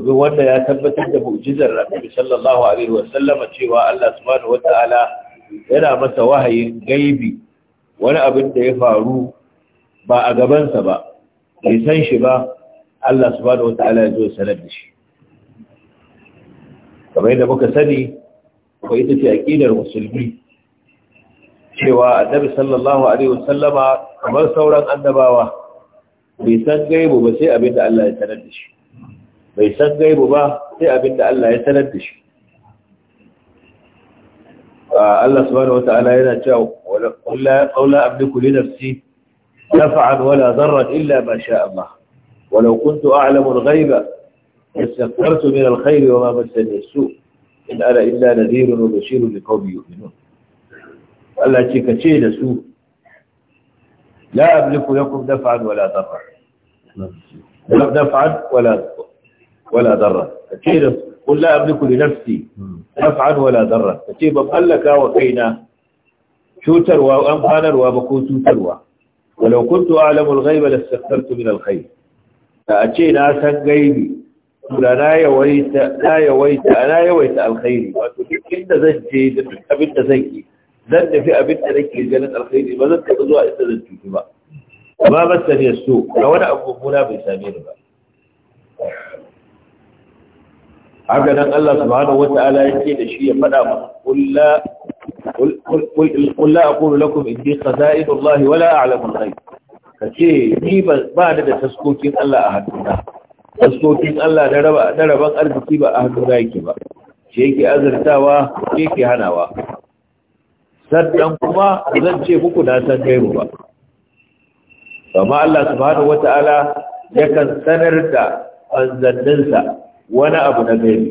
duk wanda ya tabbatar da mu'jizar Rabbi sallallahu alaihi wa sallama cewa Allah subhanahu wataala yana masa wahayin gaibi wani abin da ya faru ba a gabansa ba bai san shi ba Allah subhanahu wataala ya zo sanar da shi kamar yadda muka sani ko ita ce aqidar musulmi cewa annabi sallallahu alaihi wasallama kamar sauran annabawa bai san gaibu ba sai abin da Allah ya sanar da shi bai san gaibu ba sai abin da Allah ya sanar da shi Allah subhanahu wata'ala yana cewa wala qawla amliku li nafsi naf'an wala darran illa ma sha Allah walau kuntu a'lamu al-ghaiba استكثرت من الخير وما مسني السوء إن أنا إلا نذير وبشير لقوم يؤمنون Allah ce ka ce da su la abliku lakum wala darra ka ce da qul la abliku li nafsi daf'an wala darra ka ce ban allaka wa kaina cutarwa an amfanarwa ba ko cutarwa min ce na san لا يويت لا يويت لا يويت الخير انت زكي انت زكي زد في ابنت لك جنة الخير ما زدت بزوء انت زجي ما ما بس في السوق لو انا ابو مولا بسامير ما الله سبحانه وتعالى يجي لشيء فدا قل لا قل قل قل, لا اقول لكم اني خزائن الله ولا اعلم الغيب فشي ني ما ندى تسكوتين الله احد Askokin Allah na rabon arziki ba a hannu yake ba shi yake azurtawa shi yake hanawa sannan kuma zan ce muku na san gairu ba amma Allah subhanahu wata'ala yakan sanar da manzanninsa wani abu na abin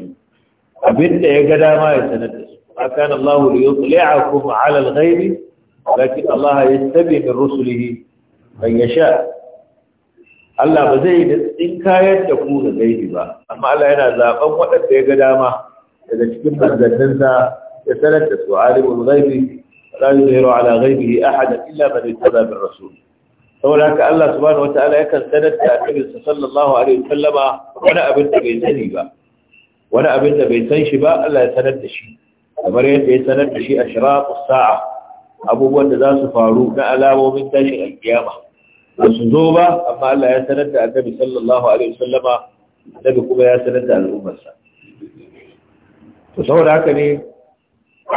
abinda ya ga dama ya sanar da su kan Allah li yutli'akum 'ala al-ghaibi lakin Allah tabi min rusulihi ya sha. Allah ba zai in kayan da ku da gaibi ba amma Allah yana zaben waɗanda ya ga dama daga cikin manzanninsa ya sanar da su alimul ghaibi la yuzhiru ala ya ahada illa man ittaba bir rasul saboda haka Allah subhanahu wataala yakan sanar da annabi sallallahu alaihi wasallama wani abin da bai sani ba wani abin da bai san shi ba Allah ya sanar da shi kamar yadda ya sanar da shi ashraqus sa'a abubuwan da za su faru na alamomin tashin alkiyama ba su zo ba amma Allah ya sanar da annabi sallallahu alaihi wasallama annabi kuma ya sanar da al'ummarsa to saboda haka ne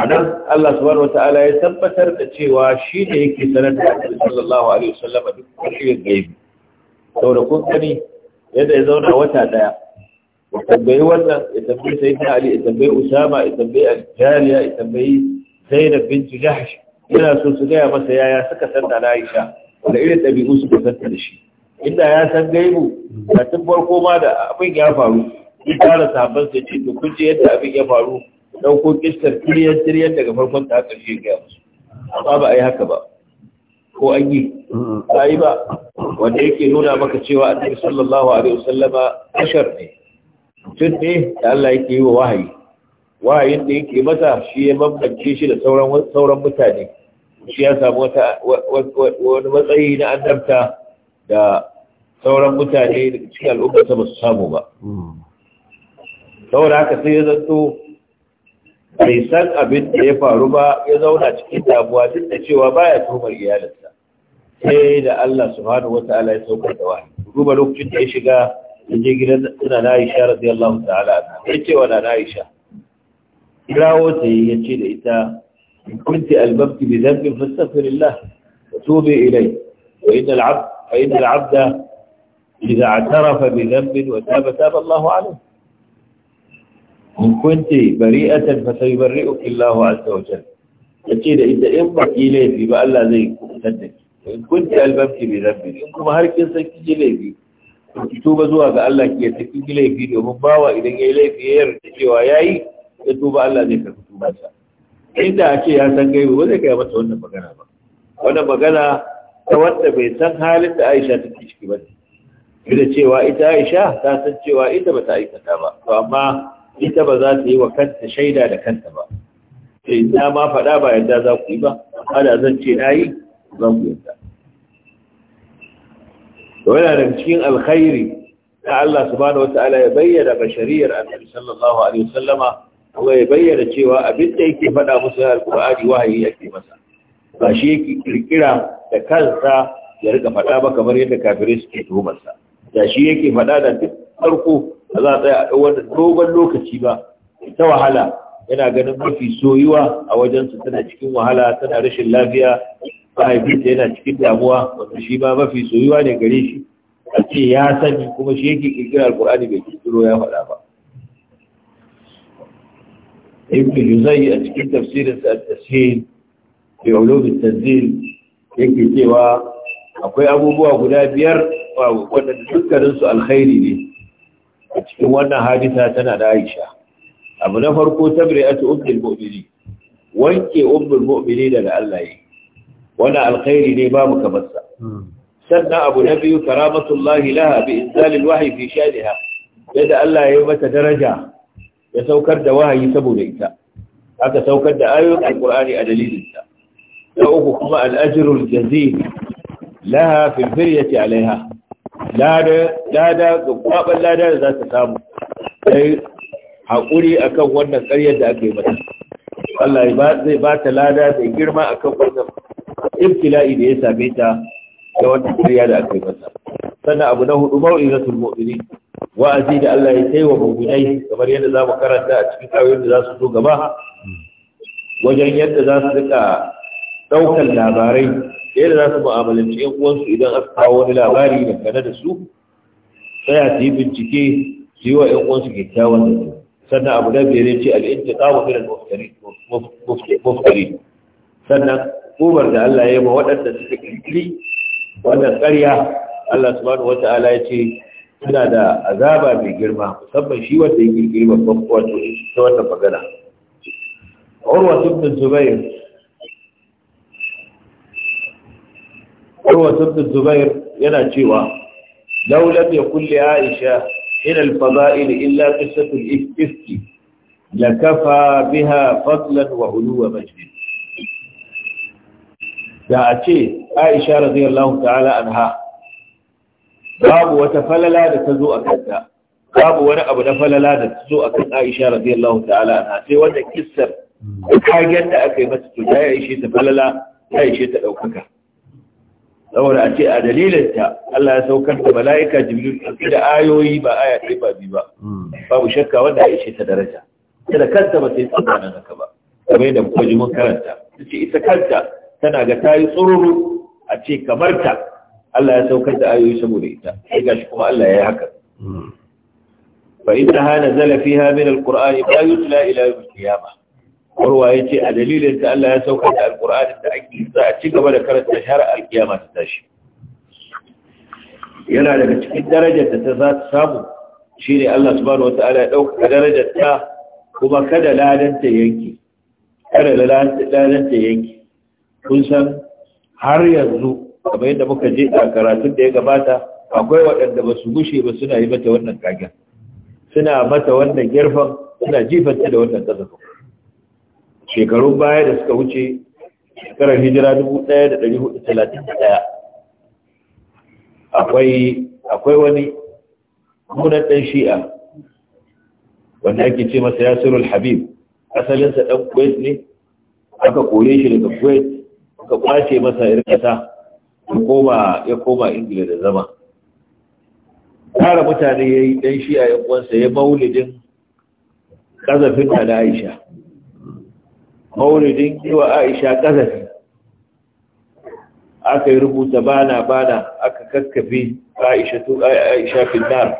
anan Allah subhanahu wataala ya tabbatar da cewa shi ne yake sanar da annabi sallallahu alaihi wasallama duk shirin gaibi saboda kun gani yadda ya zauna wata daya ya tambayi wannan ya tambayi sayyidina Ali ya tambayi Usama ya tambayi aljaliya ya tambayi Zainab bint Jahsh yana so su gaya masa yaya suka sanda na Aisha da irin ɗabi'u suka santa da shi inda ya san gaibu da tun farko ma da abin ya faru in tara sabon sai ce to kun ce yadda abin ya faru ɗauko kistar tiriyar tiriyar daga farkon ta ƙarshe gaya musu amma ba a yi haka ba ko an yi ba yi ba wanda yake nuna maka cewa annabi sallallahu alaihi wasallama ashar ne tun ne da Allah yake yi wa wahayi wahayin da yake masa shi ya bambance shi da sauran mutane shi ya samu wani matsayi na annabta da sauran mutane da cikin al'ummata ba su samu ba saboda haka sai ya zanto bai san abin da ya faru ba ya zauna cikin damuwa duk da cewa baya tuhumar iyalinsa sai da Allah subhanahu ta'ala ya saukar da wani duba lokacin da ya shiga da je gidan suna na Aisha radiyallahu ta'ala ya ce wa na Aisha kirawo ta yi ya ce da ita إن كنت ألببت بذنب فاستغفر الله وتوبي إليه وإن العبد, فإن العبد إذا اعترف بذنب وتاب تاب الله عليه إن كنت بريئة فسيبرئك الله عز وجل أكيد إذا إمك إليه في لا الله زي كمتنك وإن كنت ألببت بذنب إن كما هركي سكي إليه ki tuba zuwa ga Allah ki yadda kin laifi domin وياي يتوب yayi laifi ya yarda cewa yayi ya inda a ce ya san gai ba zai kai mata wannan magana ba wannan magana ta wanda bai san halin da aisha take ciki ba ne da cewa ita aisha ta san cewa ita ba ta aikata ba to amma ita ba za ta yi wa kanta shaida da kanta ba sai eh, ta ma faɗa ba yadda za ku yi ba Kada zan ce na yi zan ku yadda To yana da cikin alkhairi na Allah subhanahu wata'ala ya bayyana ga shari'ar annabi sallallahu alaihi wasallama kuma ya bayyana cewa abin da yake faɗa musu Al-Qur'ani wahayi yake masa ba shi yake kirkira da kansa ya rika faɗa ba kamar yadda kafirai suke tuhumarsa da shi yake faɗa da duk farko da za a tsaya a ɗauwar dogon lokaci ba ta wahala yana ganin mafi soyuwa a wajensu tana cikin wahala tana rashin lafiya mahaifinta yana cikin damuwa wanda shi ma mafi soyuwa ne gare shi a ce ya sani kuma shi yake kirkira qurani bai kirkiro ya faɗa ba ibn yi a cikin tafsirin sa tashil fi ulum yake cewa akwai abubuwa guda biyar wanda dukkanin su alkhairi ne a cikin wannan hadisa tana da Aisha abu na farko tabri'atu ummul mu'minin wanke ummul mu'minin daga Allah yi wannan alkhairi ne babu kamar sannan abu na biyu karamatullahi laha bi inzalil wahyi yadda Allah ya yi mata daraja ya saukar da wahayi saboda ita aka saukar da ayoyin alkur'ani a dalilinta ta uku kuma al'ajirul jazir laha fil firyati alaiha lada lada ga kwaɓar lada da za ta samu sai haƙuri akan wannan ƙaryar da aka yi mata Allah zai ba ta lada mai girma akan wannan ibtila'i da ya same ta da wannan ƙarya da aka yi mata sannan abu na hudu na mu'minin wa'azi da Allah ya kai wa mu'minai kamar yadda za mu karanta a cikin ayoyin da za su zo gaba wajen yadda za su rika daukar labarai yadda za su mu'amalanci yan uwansu idan aka kawo wani labari dangane da su sai a yi bincike su yi wa yan uwansu kyakkyawan da su sannan abu na biyar ya ce al'intiqamu min al-muftari sannan kubar da Allah ya yi ma waɗanda suka kirkiri wannan ƙarya Allah subhanahu ta'ala ya ce suna da azaba mai girma musamman shi wanda yake girma farko wato ta wannan magana Urwa ibn Zubair Urwa ibn Zubair yana cewa law lam yakul Aisha min al-fada'il illa qissatu al la kafa biha fadlan wa huluwa majlis da a ce Aisha radiyallahu ta'ala anha babu wata falala da ta zo a kanta babu wani abu na falala da ta zo a kan Aisha radiyallahu ta'ala anha sai wanda kissar kagen da aka yi mata to ya shi ta falala ya shi ta daukaka saboda a ce a dalilin ta Allah ya saukar da mala'ika Jibril da ayoyi ba aya ɗaya ba biyu ba babu shakka wanda ya yi ta daraja da kanta ba sai tsammanin haka ba kamar yadda muka ji karanta ta ce ita kanta tana ga tayi tsururu a ce kamar ta الله يسوكت آيو يسمو ليتا يقاشكم الله يا حكا فإنها نزل فيها من القرآن ما يتلى إلى يوم القيامة وروايتي أدليل أنت الله يسوكت القرآن التعجيزة أتيك ولكرت نشهر القيامة تتاشي يلا لك تكي الدرجة تتذات سامو شيري الله سبحانه وتعالى لو كدرجة تا كما كده لا دنت ينكي كده لا دنت ينكي كنسا هر يزوك kamar yadda muka je a karatun da ya gabata akwai waɗanda ba su gushe ba suna yi mata wannan kagen suna mata wannan girfan suna jifanta da wannan kasafin shekarun baya da suka wuce shekarar hijira 1431 ɗaya. akwai wani munan ɗan shi'a wanda ake ce masa yasirul habib asalinsa ɗan kuwait ne aka kore shi daga kuwait aka kwace masa irin ƙasa ya koma ingila da zama tara mutane ya yi ɗan shi a yankunsa ya maulidin ƙazafinta na aisha maulidin kiwa aisha ƙazafi aka yi rubuta bana bana aka kakkafi aisha finnar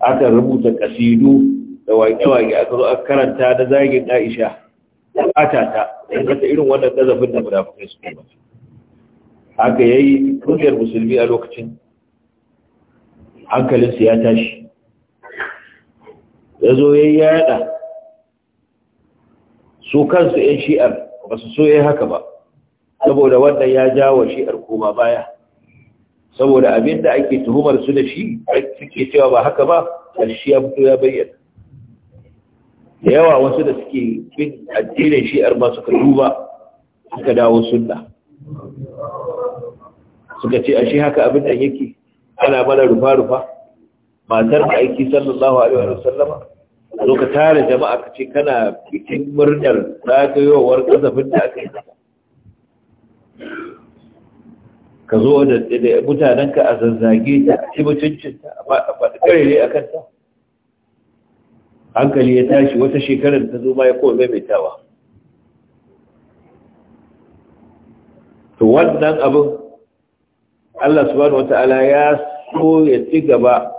aka rubuta ƙasidu da waƙe-waƙe aka zo aka karanta na zagin aisha ta ta ta irin wannan ƙazafin da mu munafukai su kuma haka ya yi ƙungiyar musulmi a lokacin hankalinsu ya tashi ya zo ya yi ya yada. su kansu 'yan shi'ar ba su so ya haka ba saboda wannan ya jawo shi'ar koma baya saboda abin da ake tuhumar su da shi suke cewa ba haka ba ƙarshe ya fito ya bayyana da yawa wasu da suke bin addinin shi'ar masu ka duba suka dawo sunna suka ce ashe haka abin da yake ana mana rufa rufa matar da aiki sallallahu alaihi wa sallama zo ka tare jama'a ka ce kana bikin murnar zagayowar kasafin da aka yi ka zo da mutanenka a zanzage ta a ci mutuncinta a faɗi ƙarere a kanta hankali ya tashi wata shekarar ta zo ma ya kowa maimaitawa to wannan abin Allah subhanahu wata'ala ya so ya ci gaba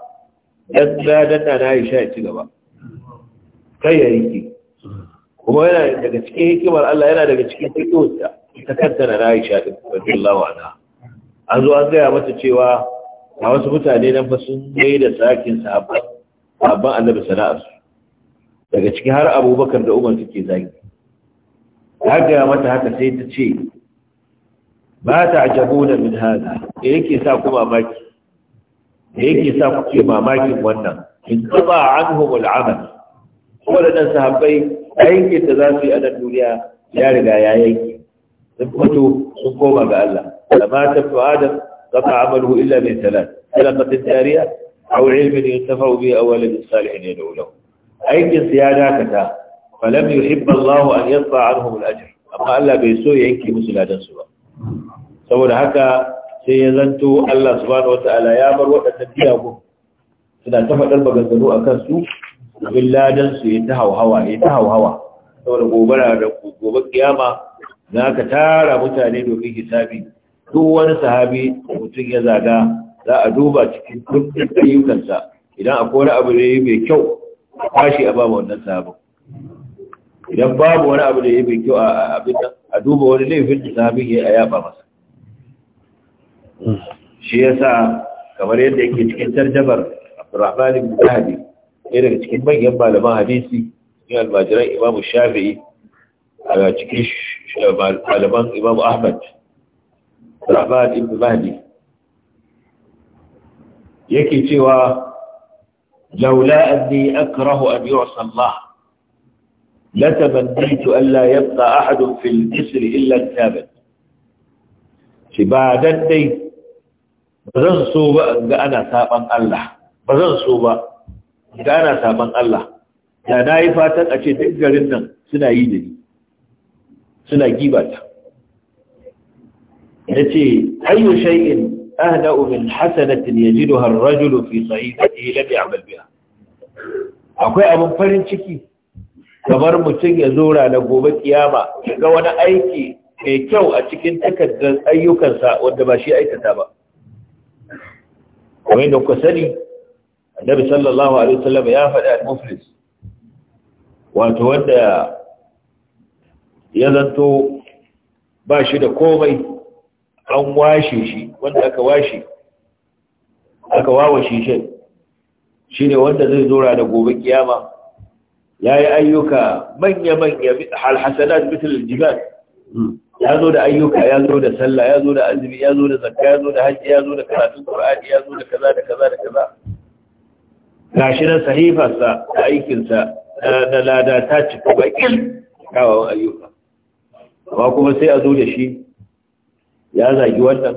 dan da na sha ya ci gaba kai ya ki. kuma yana daga cikin hikimar Allah yana daga cikin hikimarsa ta kanta na Aisha din radiyallahu lawana an zo an gaya mata cewa a wasu mutane nan fa sun mai da sakin sabon sahabban annabi sana'arsu daga ciki har abubakar da umar suke zagi haka ya mata haka sai ta ce ba ta ajabuna min hada da yake sa ku mamaki da yake sa kuke mamakin wannan in taba anhum al'amal kowane ɗan sahabbai yanke ta za su yi a nan duniya ya riga ya yanke sun fito sun koma ga Allah da ma ta fi adam kafa amalu illa mai talat talakatin tariya a wuri ilmin yin tafa ubi a wani misali ne da ulau aikin su ya dakata falam yuhibba Allah an yadda anhum al-ajr amma Allah bai so yanke musu ladan su ba saboda haka sai ya zanto Allah subhanahu wata'ala ya bar waɗannan biyagun suna ta faɗar maganganu a kansu abin ladan su ya ta hauhawa ya ta hauhawa saboda gobara da gobe kiyama za ka tara mutane domin hisabi duk wani sahabi mutum ya zaga za a duba cikin dukkan ayyukansa idan akwai wani abu da ya mai kyau kashi a ba wannan sahabin idan babu wani abu da ya mai kyau a abin nan a duba wani laifin da sahabi ya yaba masa shi yasa kamar yadda yake cikin tarjabar Abdurrahman ibn Mahdi ɗaya daga cikin manyan malaman hadisi cikin almajiran Imam Shafi'i a cikin malaman Imam Ahmad Abdurrahman ibn Mahdi yake cewa laula anni akrahu an yu'sa Allah لتمنيت ألا يبقى أحد في الجسر إلا النابت سبادا دي بزن صوبة أنا سابا الله بزن صوبة أنا سابا الله يا نايفاتا أشي تنجرن سنا يدي سنا جيبات نتي أي شيء أهدأ من حسنة يجدها الرجل في صحيفته لم يعمل بها أقول أبو فرنشكي kamar mutum ya zura na gobe kiyama ga wani aiki mai kyau a cikin takardar ayyukansa wanda ba shi aikata ba Kuma yadda kuka sani annabi sallallahu alaihi wasallam ya faɗi al-muflis wato wanda ya zanto ba shi da komai an washe shi wanda aka washe aka wawa shi ne wanda zai zura da gobe kiyama ya yi ayyuka manya-manya Alhassanat, bitul jibar hmm. ya zo da ayyuka ya zo da sallah ya zo da azumi ya zo da zakka ya zo da hajji ya zo da karatun qur'ani ya zo da kaza da kaza da kaza gashi nan sahifarsa da aikinsa na lada ta cika bakin kawawan ayyuka amma kuma sai a zo da shi ya zagi wannan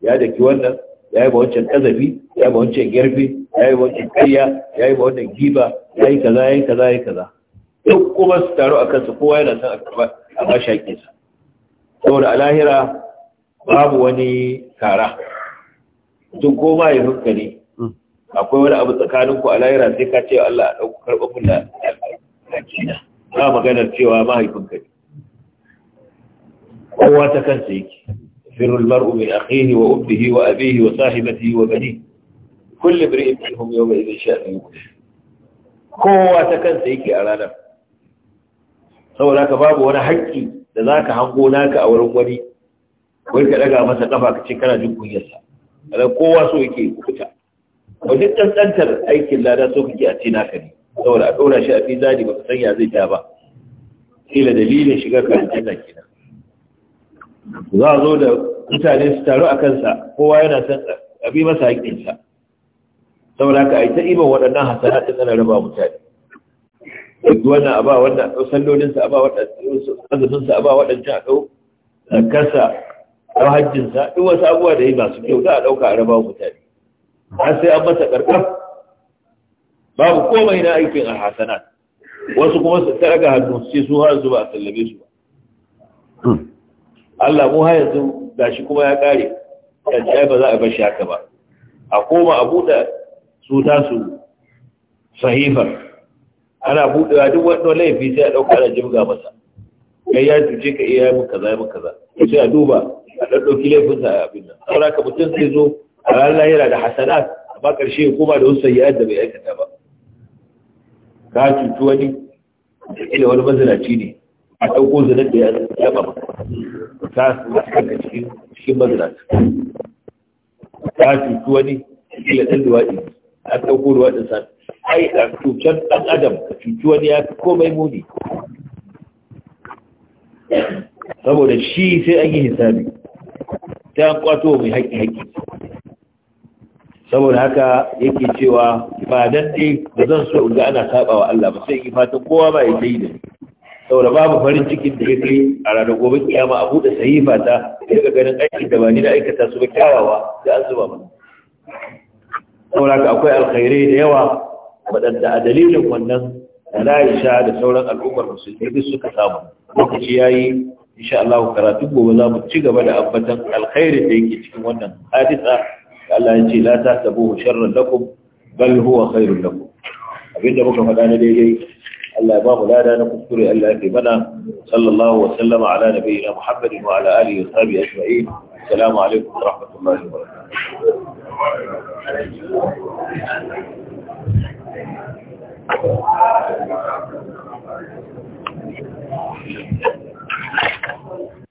ya daki wannan ya yi ba wancan kazafi ya yi ba wancan girbi, ya yi ba wancan karya ya yi ba wancan giba ya yi kaza ya yi kaza ya yi kaza duk kuma su taru a kansa kowa yana son a ba sa saboda alahira babu wani kara Mutum ko ya fuska ne akwai wani abu tsakaninku alahira sai ka ce Allah a ɗauku karɓar mun da ba maganar cewa mahaifinka ne kowa ta kansa yake يفر المرء من أخيه وأمه وأبيه وصاحبته وبنيه كل امرئ منهم يومئذ شأن يغنيه kowa ta kansa yake a ranar saboda ka babu wani haƙƙi da za ka hango naka a wurin wani wai ka daga masa ƙafa ka ce kana jin kunyarsa ala kowa so yake kuta Wani ɗanɗantar aikin lada so kake a ce naka ne saboda a ɗora shi a fi zani ba ka san ya zai ta ba kila dalilin shiga ka aljanna kenan za a zo da mutane su taru a kansa kowa yana son a bi masa haƙƙinsa saboda haka a yi ta iban waɗannan hasana ɗin ana raba mutane duk wannan a ba wannan sallolinsa a ba waɗannan azuminsa a ba waɗancan a ɗau zakarsa ɗau hajjinsa duk wasu abubuwa da yi masu kyau za a ɗauka a raba mutane har sai an masa ƙarƙar babu komai na aikin a hasana wasu kuma su ta ɗaga hannu sai su har zuba ba a sallame su ba hmm. Allah mu ha yanzu gashi kuma ya kare kan ba za a bar shi haka ba a koma a buɗe su su sahifar ana buɗewa duk wanda laifi sai a ɗauka ana jimga masa kai ya cuce ka iya eh, mun kaza mun kaza sai a duba a ɗauki laifinsa a abin nan saboda ka mutum sai zo a ranar lahira da hasanat amma ƙarshe ya koma da wasu sayi'ar da bai aikata ba ka cutu wani da wani mazinaci ne a ɗauko zinar da ya ta saka cikin cikin mazinaci ta cutu wani kila ɗan luwaɗi a ɗauko luwaɗin sa ai a cutar ɗan adam ka cutu wani ya fi komai muni saboda shi sai an yi hisabi ta an kwato mai haƙƙi haƙƙi saboda haka yake cewa ba dan ne ba zan so in ga ana saba wa Allah ba sai in fatan kowa ba ya yi da ni saboda babu farin cikin da ya kai a ranar gobe kiyama a buɗe sahifa ta daga ganin aikin da ba ni da aikata su ba kyawawa da an zuba mana saboda ka akwai alkhairai da yawa waɗanda a dalilin wannan da Aisha da sauran al'ummar musulmi suka samu lokaci yayi insha Allah karatu gobe za mu ci gaba da ambatan alkhairin da yake cikin wannan hadisa Allah ya ce la tahsabuhu sharran lakum bal huwa khairun lakum abinda muka faɗa na daidai الا امام لا لا نكفر الا امامنا صلى الله وسلم على نبينا محمد وعلى اله وصحبه اجمعين السلام عليكم ورحمه الله وبركاته